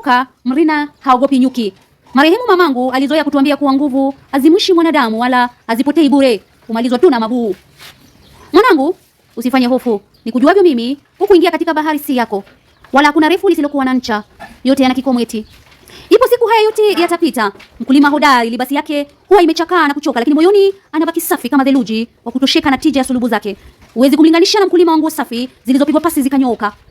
Kumbuka Mrina haogopi nyuki. Marehemu mamangu alizoea kutuambia kuwa nguvu hazimwishi mwanadamu wala hazipotei bure, kumalizwa tu na mabuu. Mwanangu, usifanye hofu, nikujuavyo mimi, huku ingia katika bahari si yako, wala hakuna refu lisilokuwa na ncha, yote yana kikomo eti. Ipo siku haya yote yatapita. Mkulima hodari libasi yake huwa imechakaa na kuchoka, lakini moyoni anabaki safi kama theluji, wa kutosheka na tija ya sulubu zake. Huwezi kumlinganisha na mkulima wa nguo safi zilizopigwa pasi zikanyooka.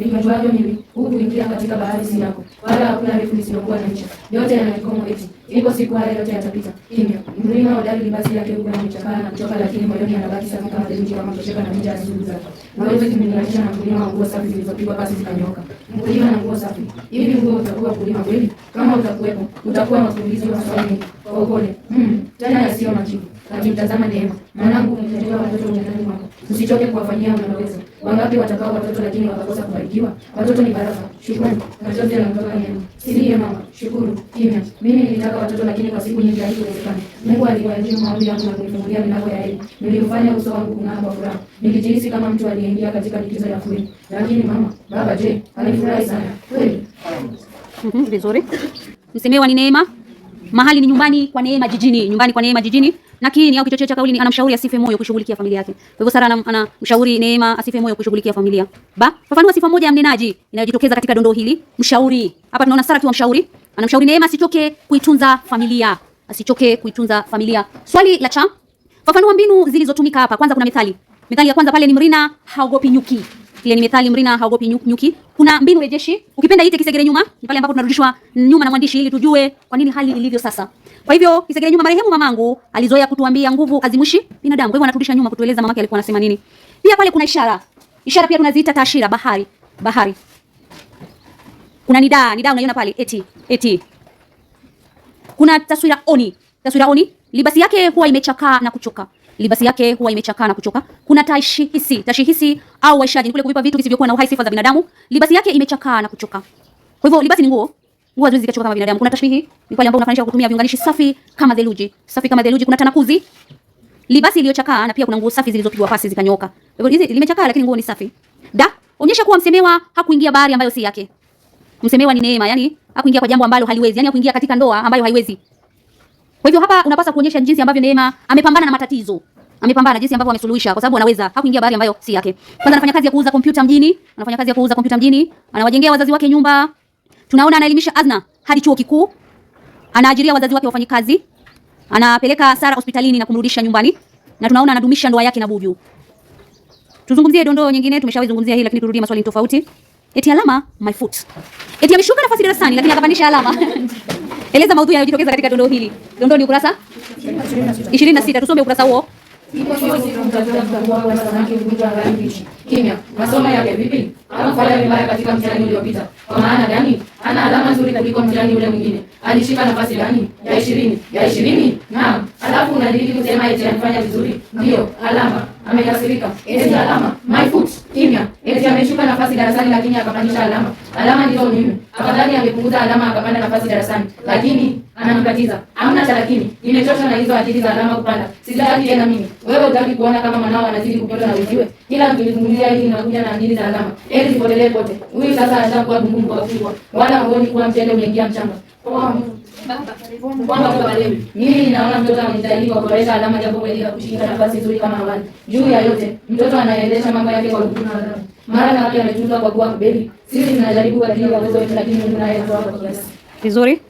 nipajuaje mimi huku kuingia katika bahari si yako, wala hakuna refu lisilokuwa na ncha. Yote yana kikomo, eti ipo siku haya yote yatapita. Kimya mlima hodari libasi yake huku anachakaa na kuchoka, lakini moyoni anabaki safi kama theluji, kama kutosheka na mija nzuri zake. Huwezi kumlinganisha na mkulima wa nguo safi zilizopigwa pasi zikanyoka. Mkulima na nguo safi, hivi nguo utakuwa kulima kweli? Kama utakuwepo utakuwa makuulizi maswali kwa upole, mm, tena yasiyo majibu. Akimtazama Neema, mwanangu, umetetea watoto ujanani mwako, usichoke kuwafanyia unaloweza wangapi watakao watoto lakini wakakosa kubarikiwa? Watoto ni baraka. Shukuru machozi yanaondoka neno. Siri ya mama. Shukuru kimya. Mimi nilitaka watoto lakini kwa siku nyingi haikuwezekana. Mungu aliwajibu maombi yangu na kunifungulia milango ya elimu. Niliufanya uso wangu kung'aa kwa furaha, nikijihisi kama mtu aliyeingia katika likizo ya furi. Lakini mama, baba, je, alifurahi sana kweli? Hmm, vizuri. Msemewa ni Neema. Mahali ni nyumbani kwa Neema Jijini. Nyumbani kwa Neema Jijini na kiini au kichocheo cha kauli ni anamshauri asife moyo kushughulikia familia yake. Kwa hivyo Sara anamshauri Neema asife moyo kushughulikia familia. Ba, fafanua sifa moja ya mnenaji inayojitokeza katika dondoo hili, mshauri. Hapa tunaona Sara akiwa mshauri, anamshauri Neema asichoke kuitunza familia, asichoke kuitunza familia. Swali la cha, fafanua mbinu zilizotumika hapa. Kwanza kuna methali. Methali ya kwanza pale ni Mrina haogopi nyuki ile ni methali mrina haogopi nyuki, nyuki. Kuna mbinu rejeshi ukipenda ite kisegere nyuma, pale ambapo tunarudishwa nyuma na mwandishi ili tujue kwa nini hali ilivyo sasa. Kwa hivyo kisegere nyuma, marehemu mamangu alizoea kutuambia nguvu azimushi binadamu. Kwa hivyo anaturudisha nyuma kutueleza mamake alikuwa anasema nini. Pia pale kuna ishara, ishara pia tunaziita tashira, bahari bahari. Kuna nidaa, nidaa unaiona pale eti eti. Kuna taswira oni Taswira oni, libasi yake huwa imechakaa na kuchoka. Libasi yake huwa imechakaa na kuchoka. Kuna tashihisi, tashihisi au waishaji kule kuvipa vitu visivyokuwa na uhai sifa za binadamu. Libasi yake imechakaa na kuchoka. Kwa hivyo libasi ni nguo. Nguo haziwezi kuchoka kama binadamu. Kuna tashbihi, ni pale ambapo unafanisha kutumia viunganishi safi kama theluji. Safi kama theluji, kuna tanakuzi. Libasi iliyochakaa na pia kuna nguo safi zilizopigwa pasi zikanyoka. Kwa hivyo hizi limechakaa lakini nguo ni safi. Da, onyesha kuwa msemewa hakuingia bahari ambayo si yake. Msemewa ni neema, yani hakuingia kwa jambo ambalo haliwezi, yani hakuingia katika ndoa ambayo haiwezi. Kwa hivyo hapa unapaswa kuonyesha jinsi ambavyo Neema amepambana na matatizo. Amepambana jinsi ambavyo amesuluhisha kwa sababu anaweza hakuingia bahari ambayo si yake. Kwanza anafanya kazi ya kuuza kompyuta mjini, anafanya kazi ya kuuza kompyuta mjini, anawajengea wazazi wake nyumba. Tunaona anaelimisha Azna hadi chuo kikuu. Anaajiria wazazi wake wafanye kazi. Anapeleka Sara hospitalini na kumrudisha nyumbani. Na tunaona anadumisha ndoa yake na Buju. Tuzungumzie dondoo nyingine, tumeshawizungumzia hii lakini turudie maswali tofauti. Eti alama my foot. Eti ameshuka nafasi darasani lakini akapandisha alama. Eleza maudhui yanayojitokeza katika dondoo hili. Dondoo ni ukurasa 26. Tusome ukurasa huo. Kimya. Masomo yake vipi? Hakufanya vibaya katika mtihani uliopita. Kwa maana gani? Ana alama nzuri kuliko mtihani ule mwingine. Alishika nafasi gani? Ya Ya Naam. Alafu kusema eti anafanya vizuri. Ndio, alama. Amekasirika. Eti alama. My foot. Kimya. Eti ameshuka nafasi darasani lakini akapandisha alama alama ndizo muhimu. Afadhali angepunguza alama akapanda nafasi darasani, lakini ananikatiza. hamna cha lakini. Nimechoshwa na hizo akili za alama kupanda, sitaki tena mimi. Wewe utaki kuona kama mwanao anazidi kupotea na ujiwe, ila mkilizungumzia hili inakuja na akili za alama, heri zipotelee pote. Huyu sasa ashakuwa gumu kwa kufungwa, wala huoni kuwa mtende umeingia mchanga. Mimi ninaona mtoto amejitahidi kwa kuboresha alama, japo kweli ya kushika nafasi nzuri kama awali. Juu ya yote, mtoto anaendesha mambo yake kwa na adabu. Mara na watu anajiuza kwa kuwa kubeli. Sisi tunajaribu kadri ya uwezo wetu, lakini Mungu naye anatoa kwa kiasi. Vizuri.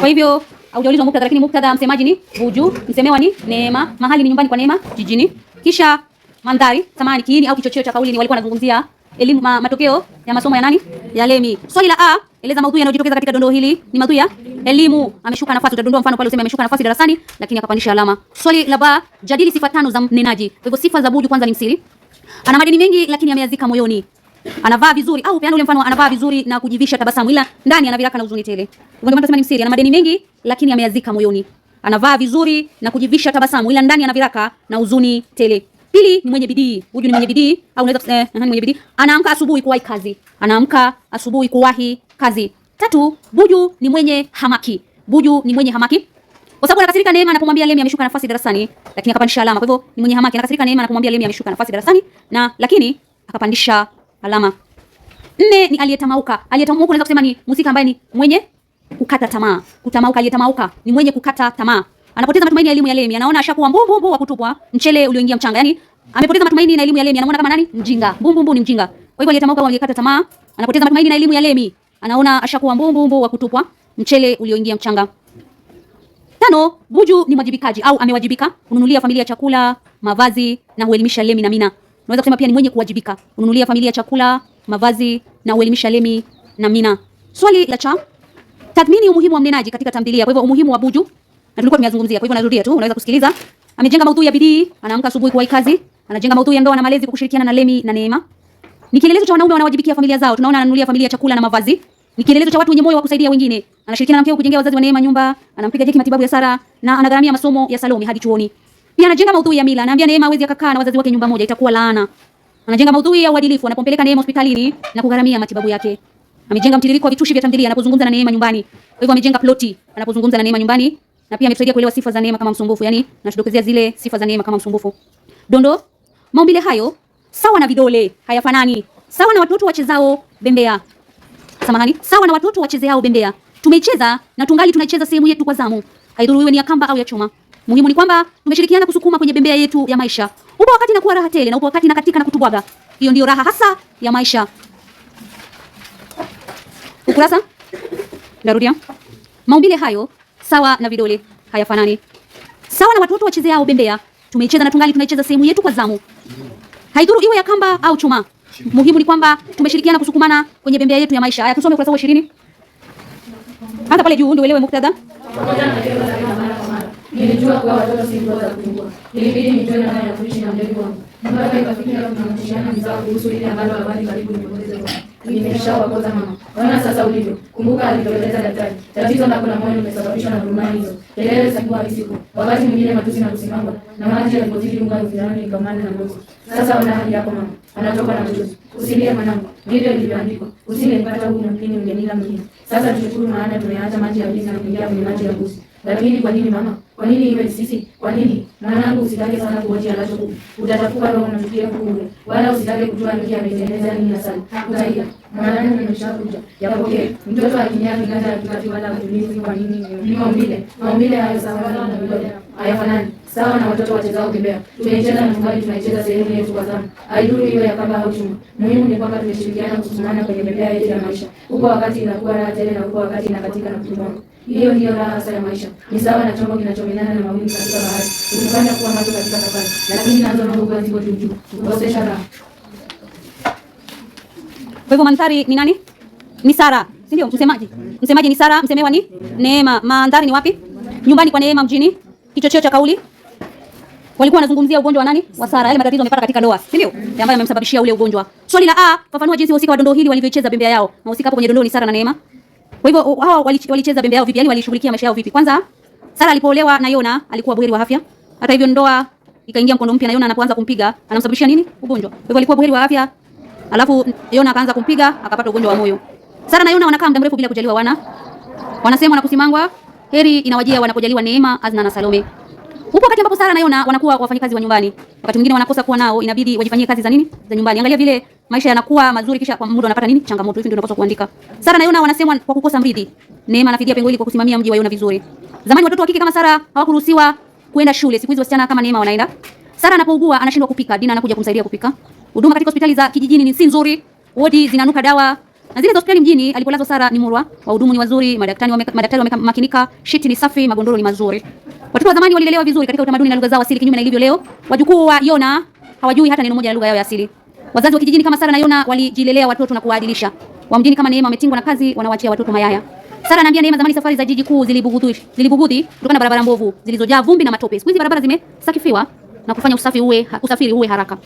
Kwa hivyo haujaulizwa muktadha, lakini muktadha msemaji ni Buju, msemewa ni Neema, mahali ni nyumbani kwa Neema jijini. Kisha mandhari, samani, kiini au kichocheo cha kauli ni walikuwa wanazungumzia elimu ma, matokeo ya masomo ya nani? Ya Lemi. Swali la A, eleza maudhui yanayojitokeza katika dondoo hili. Ni maudhui ya elimu. Ameshuka nafasi, utadondoa mfano pale useme ameshuka nafasi darasani lakini akapandisha alama. Swali la B, jadili sifa tano za mnenaji. Kwa hivyo sifa za Buju kwanza ni msiri. Ana madeni mengi lakini ameyazika moyoni. Anavaa vizuri au peana ule mfano, anavaa vizuri na kujivisha tabasamu, ila ndani ana viraka na huzuni tele. Unasema ni msiri, ana madeni mengi lakini ameyazika moyoni. Anavaa vizuri na kujivisha tabasamu, ila ndani ana viraka na huzuni tele. Pili ni mwenye bidii. Huyu ni mwenye bidii au unaweza kusema eh, ni mwenye bidii. Anaamka asubuhi kuwahi kazi. Anaamka asubuhi kuwahi kazi. Tatu, Buju ni mwenye hamaki. Buju ni mwenye hamaki. Kwa sababu anakasirika Neema anapomwambia Lemi ameshuka nafasi darasani, lakini akapandisha alama. Kwa hivyo ni mwenye hamaki. Anakasirika Neema anapomwambia Lemi ameshuka nafasi darasani na lakini akapandisha alama. Nne ni aliyetamauka. Aliyetamauka unaweza kusema ni mhusika ambaye ni mwenye kukata tamaa. Kutamauka, aliyetamauka ni mwenye kukata tamaa. Anapoteza matumaini ya elimu ya Lemi, anaona ashakuwa mbumbu mbumbu wa kutupwa, mchele ulioingia mchanga. Yaani amepoteza matumaini na elimu ya Lemi, anaona kama nani? Mjinga. Mbumbu mbumbu ni mjinga. Kwa hivyo aliyetamauka au aliyekata tamaa, anapoteza matumaini na elimu ya Lemi, anaona ashakuwa mbumbu mbumbu wa kutupwa, mchele ulioingia mchanga. Tano, Buju ni mwajibikaji au amewajibika kununulia familia chakula, mavazi na kuelimisha Lemi na Mina. Unaweza kusema pia ni mwenye kuwajibika, ununulia familia chakula, mavazi na uelimisha Lemi na Mina. Swali la cha tathmini umuhimu wa mnenaji katika tamthilia. Kwa hivyo umuhimu wa Buju na tulikuwa tumeyazungumzia. Kwa hivyo narudia tu, unaweza kusikiliza. Amejenga maudhui ya bidii, anaamka asubuhi kwa kazi, anajenga maudhui ya ndoa na malezi kwa kushirikiana na Lemi na Neema. Ni kielelezo cha wanaume wanaowajibikia familia zao. Tunaona ananunulia familia chakula na mavazi. Ni kielelezo cha watu wenye moyo wa kusaidia wengine. Anashirikiana na mkeo kujengea wazazi wa Neema nyumba, anampiga jeki matibabu ya Sara na anagharamia masomo ya Salome hadi chuoni. Pia anajenga maudhui ya mila. Anaambia Neema awezi akakaa na wazazi wake nyumba moja, itakuwa laana. Anajenga maudhui ya uadilifu anapompeleka Neema hospitalini na kugharamia matibabu yake. Amejenga mtiririko wa vitushi vya tamthilia anapozungumza na Neema nyumbani. Kwa hivyo amejenga ploti anapozungumza na Neema nyumbani na pia ametusaidia kuelewa sifa za Neema kama msumbufu. yani natudokezea zile sifa za Neema kama msumbufu. Dondo, maumbile hayo sawa na vidole, hayafanani. Sawa na watoto wachezao bembea. Samahani, sawa na watoto wachezeao bembea. Tumecheza na tungali tunacheza sehemu yetu kwa zamu. Haidhuru iwe ni ya kamba au ya chuma. Muhimu ni kwamba tumeshirikiana kusukuma kwenye bembea yetu ya maisha. Upo wakati inakuwa raha tele na upo wakati inakatika na kutubwaga. Hiyo ndiyo raha hasa ya maisha. Ukurasa. Ndarudia. Maumbile hayo sawa na vidole hayafanani. Sawa na watoto wachezeao bembea, tumeicheza na tungali tunaicheza sehemu yetu kwa zamu. Haidhuru iwe ya kamba au chuma. Muhimu ni kwamba tumeshirikiana kusukumana kwenye bembea yetu ya maisha. Haya, tusome ukurasa wa 20. Hata pale juu ndio uelewe muktadha. Nilijua kuwa watoto si za kukua. Ilibidi nitoe namba ya kuishi na mdogo wangu. Mpaka ikafikia tunamtishiana mzao kuhusu ile ambalo habari karibu nipoteze kwa. Nimeshawakoza mama. Ona sasa ulivyo. Kumbuka alitoeleza daktari. Tatizo lako la moyo limesababishwa na dhuluma hizo. Kelele za kila siku. Wakati mwingine matusi na kusimama na maji ya yalipozidi unga mvulani ikamana na ngozi. Sasa ona hali yako mama. Anatoka na mtoto. Usilie mwanangu. Ndivyo ilivyoandikwa. Usile mpata huu na mkini mgenila mwenyewe. Sasa tushukuru maana tumeacha maji ya giza na kuingia kwenye maji ya busi. Lakini kwa nini mama? Kwa nini iwe sisi? Kwa nini? Mwanangu usitake sana kuoji nacho. Utatafuka roho unamfikia Mungu. Wala usitake kujua nje ametengeneza nini na sana. Mwanangu nimeshakuja. Yapokee. Mtoto akinyaa kiganja akipatiwa na mtumizi kwa nini? Ni maumbile. Maumbile hayo sawa na maumbile hayafanani sawa na watoto wachezao bembea. Tunaicheza na chumbani, tunaicheza sehemu yetu kwa zamu, haiduru hiyo ya kamba au chuma. Muhimu ni kwamba tumeshirikiana kusukumana kwenye bembea yetu ya maisha. Huko wakati inakuwa raha tele na huko wakati inakatika na kutumbonga. Hiyo ndiyo raha hasa ya maisha, ni sawa na chombo kinachomenana na mawimbi katika bahari, ukifanya kuwa macho katika safari, lakini nazo mahuga ziko juu juu, kukosesha raha. Kwa hivyo mandhari ni nani? Ni Sara, si ndio? Msemaji msemaji ni Sara, msemewa ni Neema. Mandhari ni wapi? Nyumbani kwa Neema mjini Kichocheo cha kauli walikuwa wanazungumzia ugonjwa wa nani? Wa Sara, yale matatizo amepata katika ndoa, si ndio? Ambayo yamemsababishia ule ugonjwa. Swali la A, fafanua jinsi wahusika wa dondoo hili walivyocheza bembea yao. Wahusika hapo kwenye dondoo ni Sara na Neema. Kwa hivyo hao walicheza bembea yao vipi? Yani walishughulikia maisha yao vipi? Kwanza Sara alipoolewa na Yona alikuwa buheri wa afya. Hata hivyo ndoa ikaingia mkondo mpya na Yona anapoanza kumpiga, anamsababishia nini? Ugonjwa. Kwa hivyo alikuwa buheri wa afya. Alafu Yona akaanza kumpiga, akapata ugonjwa wa moyo. Sara na Yona wanakaa muda mrefu bila kujaliwa wana. Wanasema na kusimangwa Heri inawajia wanapojaliwa neema. Azna na Salome Upo wakati ambapo Sara na Yona wanakuwa wafanyakazi wa nyumbani. Wakati mwingine wanakosa kuwa nao, inabidi wajifanyie kazi za nini, za nyumbani. Angalia vile maisha yanakuwa mazuri, kisha kwa muda wanapata nini, changamoto. Hivi ndio tunapaswa kuandika. Sara na Yona wanasemwa kwa kukosa mridhi. Neema anafidia pengo hili kwa kusimamia mji wa Yona vizuri. Zamani watoto wa kike kama Sara hawakuruhusiwa kwenda shule, siku hizi wasichana kama Neema wanaenda. Sara anapougua anashindwa kupika, Dina anakuja kumsaidia kupika. Huduma katika hospitali za kijijini ni si nzuri, wodi zinanuka dawa na zile za hospitali mjini alipolazwa Sara ni murwa, wahudumu ni wazuri, madaktari wameka, madaktari wamemakinika, shiti ni safi, magondoro ni mazuri. Watoto wa zamani walilelewa vizuri katika utamaduni na lugha zao asili, kinyume na ilivyo leo. Wajukuu wa Yona hawajui hata neno moja la lugha yao ya asili. Wazazi wa kijijini kama Sara na Yona walijilelea watoto na kuwaadilisha. Wa mjini kama Neema wametingwa na kazi, wanawaachia watoto mayaya. Sara anaambia Neema zamani safari za jiji kuu zilibugudhi zilibugudhi kutokana na barabara mbovu zilizojaa vumbi na matope. Siku hizi barabara zimesakifiwa na kufanya usafi uwe, usafiri uwe haraka.